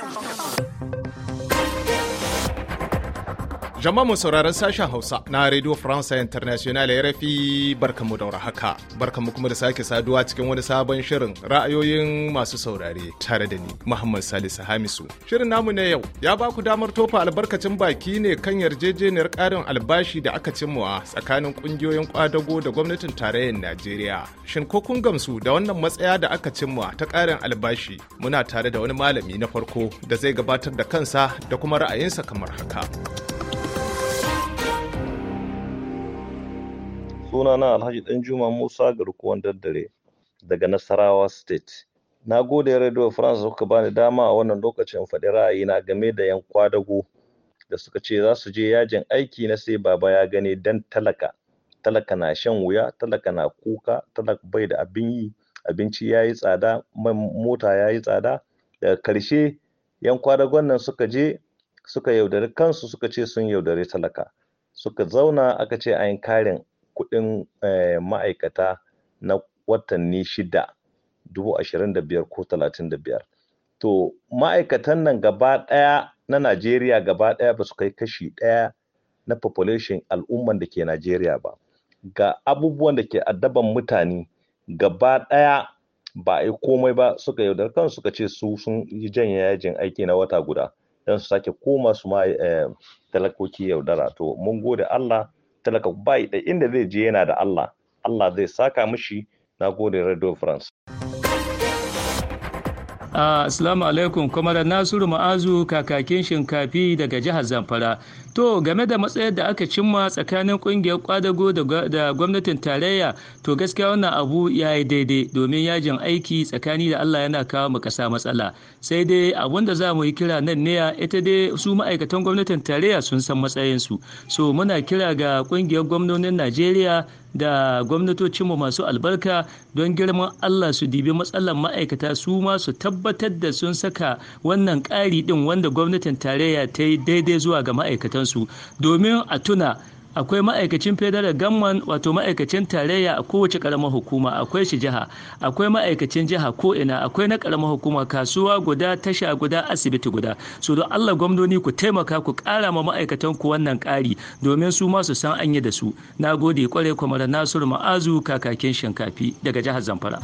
啊。Jama'a mu sauraron sashen Hausa na Radio France International ya rafi barkamu da haka. mu kuma da sake saduwa cikin wani sabon shirin ra'ayoyin masu saurare tare da ni Muhammad Salisu Hamisu. Shirin namu na yau ya ba ku damar tofa albarkacin baki ne kan yarjejeniyar karin albashi da aka cimma tsakanin ƙungiyoyin ƙwadago da gwamnatin tarayyar Najeriya. Shin ko kun gamsu da wannan matsaya da aka cimma ta ƙarin albashi? Muna tare da wani malami na farko da zai gabatar da kansa da kuma ra'ayinsa kamar haka. sunana Alhaji Danjuma Musa garkuwan daddare daga Nasarawa State. Na gode Radio France suka bani dama a wannan lokacin in faɗi ra'ayina game da yan kwadago da suka ce za su je yajin aiki na sai baba ya gani dan talaka. Talaka na shan wuya, talaka na kuka, talaka bai da abin yi, abinci ya yi tsada, mota ya yi tsada. Daga karshe yan kwadagon nan suka je suka yaudari kansu suka ce sun yaudari talaka. Suka zauna aka ce an karin kuɗin eh, ma'aikata na watanni shida dubu ashirin da biyar ko talatin da biyar to ma'aikatan nan gaba ɗaya na najeriya gaba ɗaya ba su kai kashi ɗaya na population al'umman da ke najeriya ba ga abubuwan da ke addaban mutane gaba ɗaya ba a yi komai ba suka yaudar kan suka ce su sun yi janye yajin aiki na wata guda don su sake koma su ma eh, talakoki yaudara to mun gode allah talaka bai da inda zai je yana da Allah Allah zai saka mishi na gode Radio France. Ah, Assalamu alaikum, kwamarar Nasiru Ma'azu kakakin shinkafi daga jihar Zamfara. to game da matsayar da aka cimma tsakanin kungiyar kwadago da gwamnatin tarayya to gaskiya wannan abu ya yi daidai domin yajin aiki tsakani da allah yana kawo mu kasa matsala sai dai abun da za mu yi kira nan ne ita dai su ma'aikatan gwamnatin tarayya sun san matsayinsu so muna kira ga kungiyar gwamnonin najeriya da gwamnatocinmu masu albarka don girman Allah su dibi matsalar ma'aikata su ma su tabbatar da sun saka wannan ƙari ɗin wanda gwamnatin tarayya ta yi daidai zuwa ga ma'aikatansu domin a tuna akwai ma'aikacin federal government wato ma'aikacin tarayya a kowace karamar hukuma akwai shi jiha akwai ma'aikacin jiha ko ina akwai na karamar hukuma kasuwa guda tasha guda asibiti guda so don Allah gwamnoni ku taimaka ku ƙara ma ma'aikatan ku wannan ƙari domin su ma su san an yi da su nagode kwarai kwamar Nasiru Ma'azu kakakin shinkafi daga jihar Zamfara.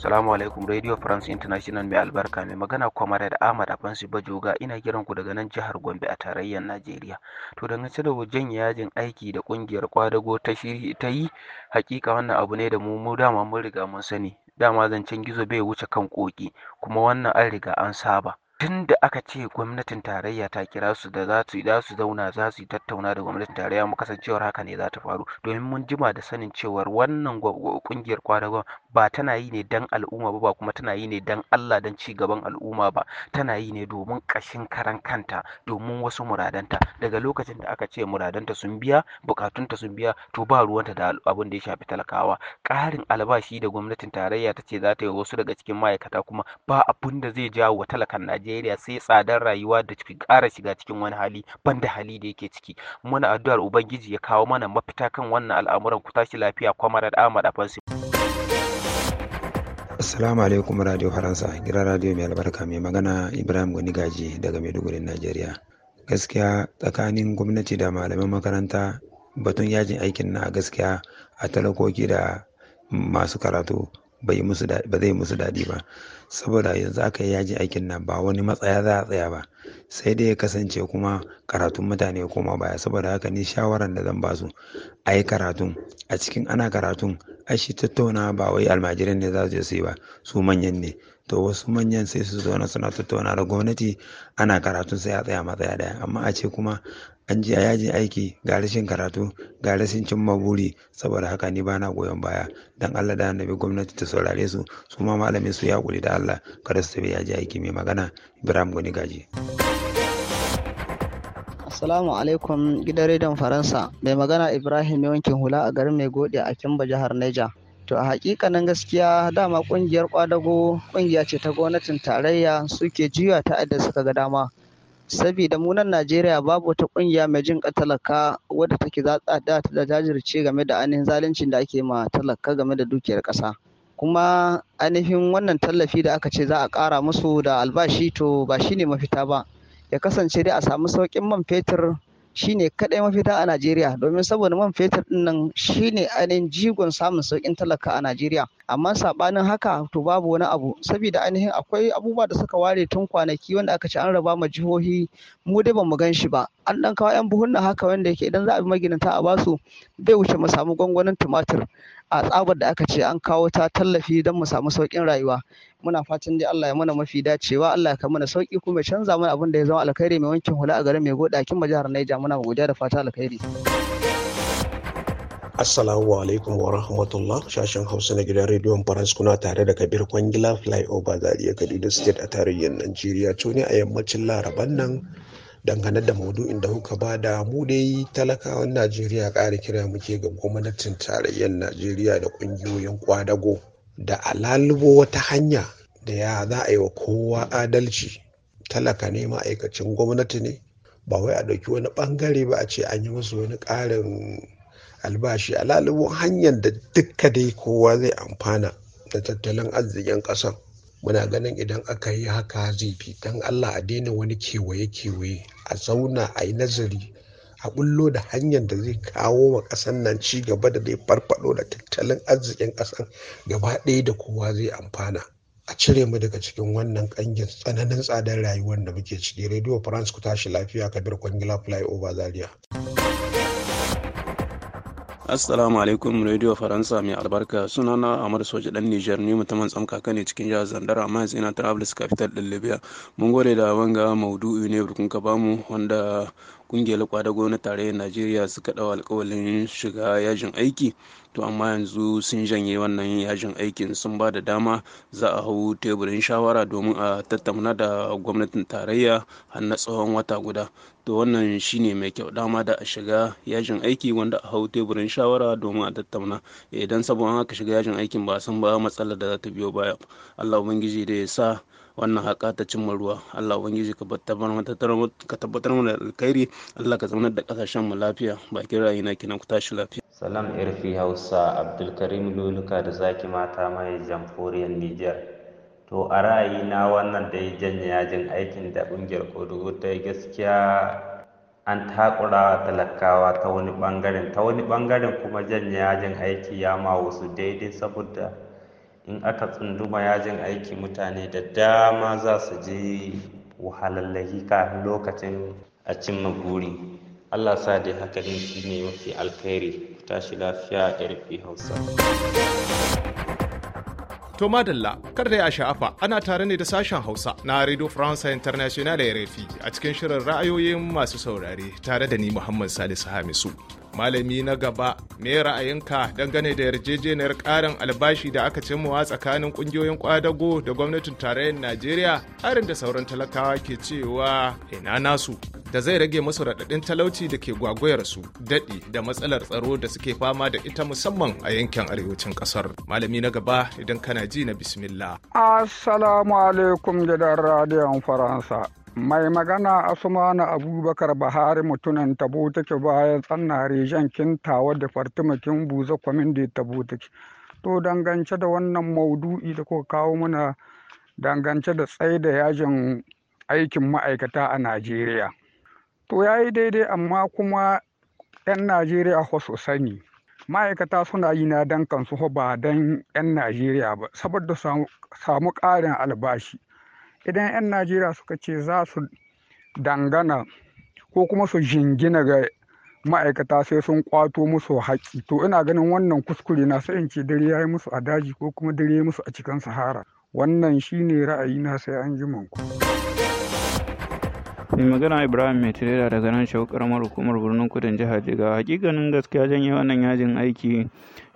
Salamu alaikum Radio France International mai albarka mai magana kwamare da Ahmad Afansi Bajoga ina kiran ku daga nan jihar Gombe a tarayyar Najeriya. To ci da wajen yajin aiki da kungiyar kwadago ta shiri ta yi hakika wannan abu ne da mu mu dama mun riga mun sani dama zancen gizo bai wuce kan koki kuma wannan an riga an saba. tun da aka ce gwamnatin tarayya ta kira su da za su za su zauna za su tattauna da gwamnatin tarayya mu kasancewar haka ne za ta faru domin mun jima da sanin cewar wannan kungiyar kwadagon ba tana yi ne dan al'umma ba ba kuma tana yi ne dan Allah dan ci gaban al'umma ba tana yi ne domin kashin karan kanta domin wasu muradanta daga lokacin da aka ce muradanta sun biya bukatunta sun biya to ba ruwanta da abin da ya shafi talakawa ƙarin albashi da gwamnatin tarayya ta ce za ta yi wasu daga cikin ma'aikata kuma ba abin da zai jawo wa talakan Najeriya Najeriya sai tsadar rayuwa da ƙara shiga cikin wani hali banda hali da yake ciki muna addu'ar ubangiji ya kawo mana mafita kan wannan al'amuran ku tashi lafiya kwamarar Ahmad Afansi. Assalamu alaikum Radio Faransa, gidan radio mai albarka mai magana Ibrahim Gani Gaji daga Maiduguri, Najeriya. Gaskiya tsakanin gwamnati da malaman makaranta batun yajin aikin na gaskiya a talakoki da masu karatu ba zai musu daɗi ba saboda yanzu aka yi yaji aikin nan ba wani matsaya za a tsaya ba sai dai ya kasance kuma karatun mutane koma baya saboda haka ni shawaran da zan ba su a yi karatun a cikin ana karatun a shi tattauna ba wai almajiran ne za su je su yi ba su manyan ne to wasu manyan sai su zauna suna tattauna da gwamnati ana karatun sai a tsaya matsaya daya amma a ce kuma an ji a yajin aiki ga rashin karatu ga rashin cimma buri saboda haka ni bana goyon baya dan Allah da annabi gwamnati ta saurare su su ma malamin su ya kuli da Allah kada su tafi yaji aiki mai magana Ibrahim Gani Gaji. Assalamu alaikum gidan rediyon Faransa mai magana Ibrahim yawancin hula a garin mai gode a Kimba jihar Neja. To a hakikanin gaskiya dama kungiyar kwadago kungiya ce ta gwamnatin tarayya suke juya ta adda suka ga dama Sabida mu nan Najeriya babu wata ƙungiya mai jin ƙan talaka wadda take za ta jajirce game da ainihin zaluncin da ake ma talaka game da dukiyar ƙasa. Kuma ainihin wannan tallafi da aka ce za a ƙara musu da albashi to ba shine mafita ba. Ya kasance dai a samu sauƙin man fetur Shi ne kaɗai mafita a Najeriya domin saboda man fetur din nan ne ainihin jigon samun sauƙin talaka a Najeriya amma saɓanin haka to babu wani abu saboda ainihin akwai abubuwa da suka ware tun kwanaki wanda aka ce an raba ma jihohi mu dai mu gan shi ba an ɗan kawo yan buhunna haka wanda yake idan za a bi maginanta a basu bai wuce mu samu gwangwanin tumatir a tsabar da aka ce an kawo ta tallafi don mu samu sauƙin rayuwa muna fatan dai Allah ya mana mafi dacewa Allah ya kai mana sauƙi kuma canza mana abin da ya zama alkhairi mai wankin hula a garin mai goda kin jihar Niger muna godiya da fata alkhairi Assalamu alaikum wa rahmatullah shashin Hausa na gidan rediyon France kuna tare da Kabir Kwangila flyover Zaria Kaduna State a tarayyar Najeriya to a yammacin Laraban nan dangane da maudu'in da kuka ba da mu dai talakawan najeriya ƙara kira muke ga gwamnatin tarayyar najeriya da ƙungiyoyin kwadago da alalubo wata hanya da ya za a yi wa kowa adalci talaka ne ma'aikacin gwamnati ne ba wai a ɗauki wani ɓangare ba a ce an yi musu wani ƙarin albashi A lalubo, hanyar da dukka dai kowa zai amfana da tattalin arzikin ƙasar muna ganin idan aka yi haka zai fi don allah a daina wani kewaye-kewaye a zauna a yi nazari a bullo da hanyar da zai kawo wa ƙasar nan ci gaba da zai farfado da tattalin arzikin ƙasar gaba ɗaya da kowa zai amfana a cire mu daga cikin wannan ƙangin tsananin tsadar rayuwar da muke ciki radio france ku tashi lafiya kabir kwangila flyover zaria assalamu alaikum radio faransa mai albarka suna na amadu soja dan niger ne mutumin tsamkaka ne cikin jihar zandara amma yanzu ina ta capital din libya mun gode da wanga maudu'i ne burkun ka bamu wanda kungiyar kwadago na tarayyar najeriya suka ɗau alkawalin shiga yajin aiki to amma yanzu sun janye wannan yajin aikin sun ba da dama za a hau teburin shawara domin a tattauna da gwamnatin tarayya har na tsawon wata guda to wannan shine mai kyau dama da a shiga yajin aiki wanda a hau teburin shawara domin a tattauna idan eh, sabon haka shiga yajin aikin ba san ba matsalar da za ta biyo baya allah ubangiji da ya sa wannan haƙa ta cimma ruwa Allah ubangiji ka tabbatar mana da alkhairi Allah ka zauna da kasashen mu lafiya bakin rayina kina ku tashi lafiya salam irfi hausa abdulkarim luluka da zaki mata mai jamhuriyar niger to a ra'ayina wannan da ya janye yajin aikin da ƙungiyar kodugu ta gaskiya an takura talakawa ta wani ɓangaren ta wani bangaren kuma janye yajin aiki ya ma wasu daidai saboda in aka tsunduma yajin aiki mutane da dama za su je wahalallahi kafin lokacin a cimma buri. allah sa dai haka ne shi ne mafi alkhairi ku tashi lafiya a rfi hausa To madalla kar da ya sha'afa ana tare ne da sashen Hausa na Radio France International RFI a cikin shirin ra'ayoyin masu saurare tare da ni Muhammad Salisu Hamisu. malami na gaba me ra'ayinka dangane da yarjejeniyar ƙarin albashi da aka cimmawa tsakanin ƙungiyoyin kwadago da gwamnatin tarayyar najeriya harin da sauran talakawa ke cewa ina nasu da zai rage musu raɗaɗin talauci da ke gwagwayarsu daɗi da matsalar tsaro da suke fama da ita musamman a yankin arewacin ƙasar malami na gaba idan kana ji na bismillah assalamu alaikum gidan radiyon faransa mai magana asumana abubakar bahari mutunan tabo take bayan tsannare jan kintawa da fartimakin buza kwamin da tabo take to dangance da wannan maudu'i da kuka kawo mana dangance da tsaye da yajin aikin ma'aikata a najeriya to ya yi daidai amma kuma 'yan najeriya su sani ma'aikata suna yi na dankan su ba dan 'yan najeriya ba saboda samu karin albashi idan 'yan najeriya suka ce za su dangana ko kuma su jingina ga ma'aikata sai sun kwato musu haƙƙi to ina ganin wannan kuskure na sai in ce dare ya yi musu a daji ko kuma dare musu a cikin sahara wannan shine ra'ayi na sai an ji manku. mai magana ibrahim mai tirera daga nan shawo hukumar birnin kudin jihar jiga hakikanin gaskiya janye wannan yajin aiki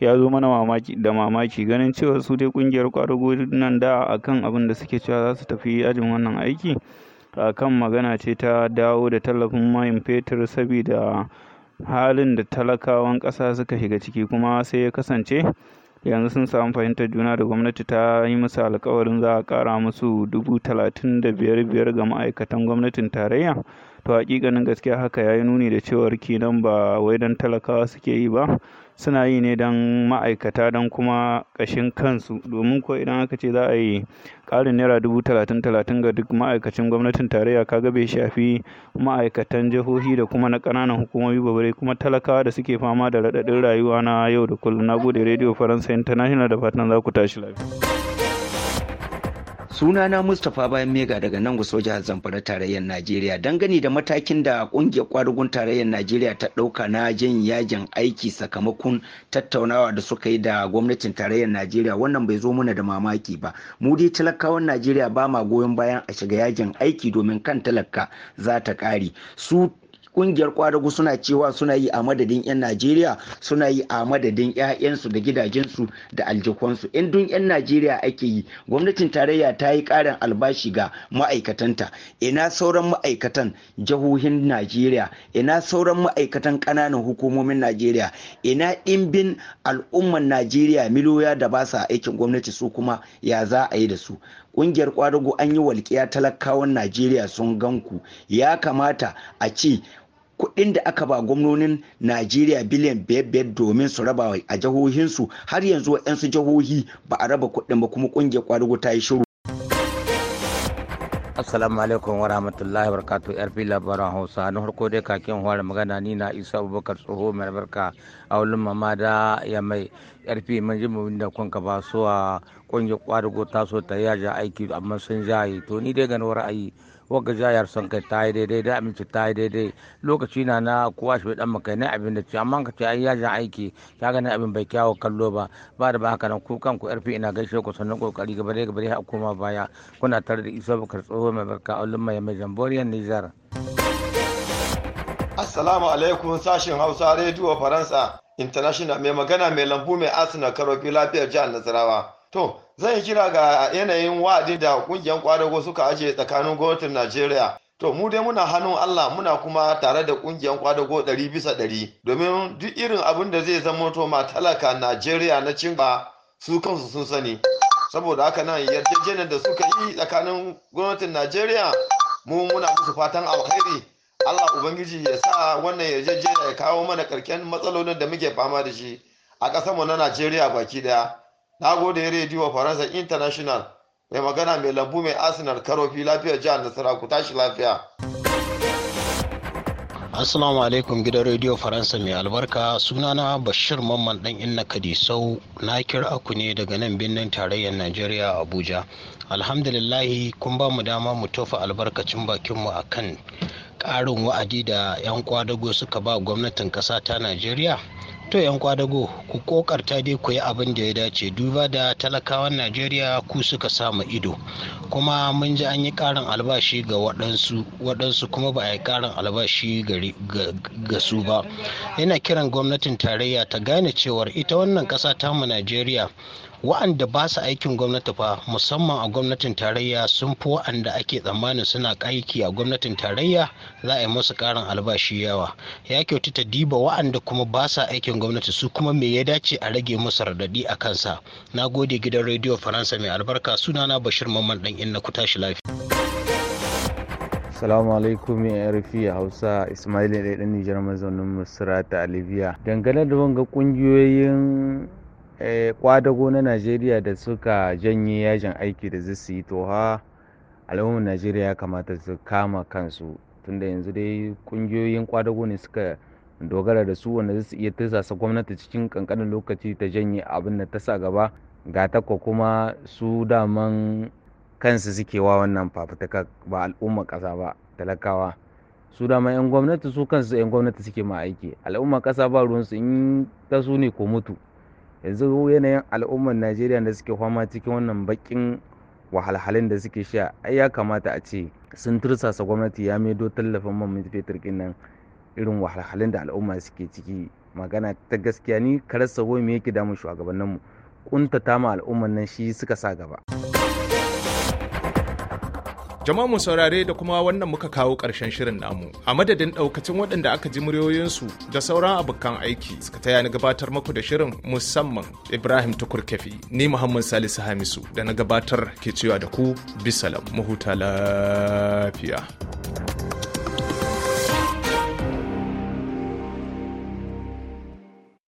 ya zo mana mamaki da mamaki ganin cewa su dai kungiyar kwadago nan da akan abin da suke cewa za su tafi yajin wannan aiki kan magana ce ta dawo da tallafin mayin fetur saboda halin da talakawan ƙasa suka shiga ciki kuma sai ya kasance yanzu sun samu fahimtar juna da gwamnati ta yi musu alkawarin za a kara musu dubu talatin da biyar biyar ga ma'aikatan gwamnatin tarayya to hakikanin gaskiya haka ya yi nuni da cewa kenan ba wai don talakawa suke yi ba suna yi ne don ma'aikata don kuma kashin kansu domin ko idan aka ce za a yi ƙarin naira dubu talatin talatin ga duk ma'aikacin gwamnatin tarayya kaga bai shafi ma'aikatan jihohi da kuma na ƙananan hukumomi bare kuma talakawa da suke fama da raɗaɗin rayuwa na yau da kullum na gode rediyo faransa international da fatan za ku tashi lafiya sunana mustapha bayan mega daga nan gusau jihar zamfara tarayyar najeriya dangane da matakin da kungiyar kwadugun tarayyar najeriya ta ɗauka na jin yajin aiki sakamakon tattaunawa da suka yi da gwamnatin tarayyar najeriya wannan bai zo muna da mamaki ba mu dai talakawan najeriya ba ma goyon bayan a shiga yajin aiki domin kan talaka za ta ƙare su kungiyar kwadago suna cewa suna yi a madadin 'yan najeriya suna yi a madadin 'ya'yansu da gidajensu da aljikonsu in dun 'yan najeriya ake yi gwamnatin tarayya ta yi karin albashi ga ma'aikatanta ina sauran ma'aikatan jihohin najeriya ina sauran ma'aikatan ƙananan hukumomin najeriya ina ɗimbin al'umman najeriya miliyoya da ba sa aikin gwamnati su kuma ya za a yi da su ƙungiyar kwadago an yi walƙiya talakawan najeriya sun ganku ya kamata a ce kuɗin da aka ba gwamnonin najeriya biliyan biyar biyar domin su raba a jihohinsu har yanzu waɗansu jihohi ba a raba kuɗin ba kuma ƙungiyar ƙwadago ta yi shiru assalamu alaikum wa rahmatullahi wa barakatu yarfi labaran hausa na harko dai kakin hawar magana ni na isa abubakar tsoho mai albarka a wulin mama da ya mai yarfi mun ji mun da kun ba su a ƙungiyar kwadugo ta so ta a aiki amma sun yi to ni dai ganin ra'ayi wagga jayar son kai ta yi daidai da aminci ta yi daidai lokaci na na kowa shi dan makai na abin da ce amma ka ce ai yajin aiki ta ganin abin bai kyawo kallo ba ba da ba haka nan ku kanku yarfi ina gaishe ku sannan kokari gaba dai gaba dai a koma baya kuna tare da isa bakar tsoho mai barka a mai mai jamboriyar nijar. assalamu alaikum sashin hausa rediyo faransa international mai magana mai lambu mai asina karofi lafiyar jihar nasarawa to zan yi kira ga yanayin wa'adin da kungiyar kwadago suka ajiye tsakanin gwamnatin najeriya to mu dai muna hannun allah muna kuma tare da kungiyar kwadago ɗari bisa ɗari domin duk irin abin da zai zama to ma talaka najeriya na cin ba su kansu sun sani saboda haka nan yarjejeniyar da suka yi tsakanin gwamnatin najeriya mu muna musu fatan alkhairi allah ubangiji ya sa wannan yarjejeniyar ya kawo mana karken matsalolin da muke fama da shi a ƙasarmu na najeriya baki ɗaya. na gode rediyo faransa international mai magana mai lambu mai arsenal karofi lafiyar jihar nasara ku tashi lafiya Assalamu alaikum gidan rediyo Faransa mai albarka sunana Bashir Mamman dan Inna Kadisau na kira ku ne daga nan birnin tarayyar Najeriya Abuja. Alhamdulillahi kun ba mu dama mu tofa albarkacin bakinmu a kan ƙarin wa'adi da 'yan kwadago suka ba gwamnatin ƙasa ta Najeriya to yan kwadago ku kokarta dai ku yi abin da ya dace duba da talakawan najeriya ku suka samu ido kuma mun ji an yi karin albashi ga waɗansu waɗansu kuma ba a yi karin albashi ga su ba yana kiran gwamnatin tarayya ta gane cewar ita wannan ƙasa tamu najeriya wa'anda ba su aikin gwamnati fa musamman a gwamnatin tarayya sun fi wa'anda ake tsammanin suna aiki a gwamnatin tarayya za a yi musu karin albashi yawa ya kyautu ta diba wa'anda kuma ba sa aikin gwamnati su kuma me ya dace a rage musu radadi a kansa na gode gidan rediyo faransa mai albarka sunana bashir mamman dan inna ku tashi lafiya salamu alaikum ya rufi a Hausa Ismail da ɗan Nijar mazaunin Misra a libya Dangane da wanga ƙungiyoyin Eh, kwadago na najeriya da suka janye yajin aiki da zai yi to ha al'ummar najeriya ya kamata su kama kansu tunda yanzu dai kungiyoyin kwadago ne suka dogara da su wanda zai iya tasasa gwamnati cikin kankanin lokaci ta janye abin da ta sa gaba ga takwa kuma su daman kansu suke wa wannan fafutuka ba al'ummar ƙasa ba talakawa su man 'yan gwamnati su kansu 'yan gwamnati suke ma aiki al'ummar ƙasa ba ruwansu in ta su ne ko mutu yanzu yanayin al'ummar najeriya da suke fama cikin wannan bakin wahalhalun da suke sha ai ya kamata a ce sun tursasa gwamnati ya maido tallafin man fetur ɗin irin wahalhalun da al'umma suke ciki magana ta gaskiya ni karar sabo me yake damun shugabanninmu kuntata ma al'ummar nan shi suka sa gaba. Jama'a mu saurare da kuma wannan muka kawo ƙarshen shirin namu. A madadin ɗaukacin waɗanda aka ji muryoyinsu da sauran abokan aiki suka taya ni gabatar muku da shirin musamman Ibrahim Tukur ni Muhammad Salisu Hamisu da na gabatar ke cewa da ku bisalam mu lafiya.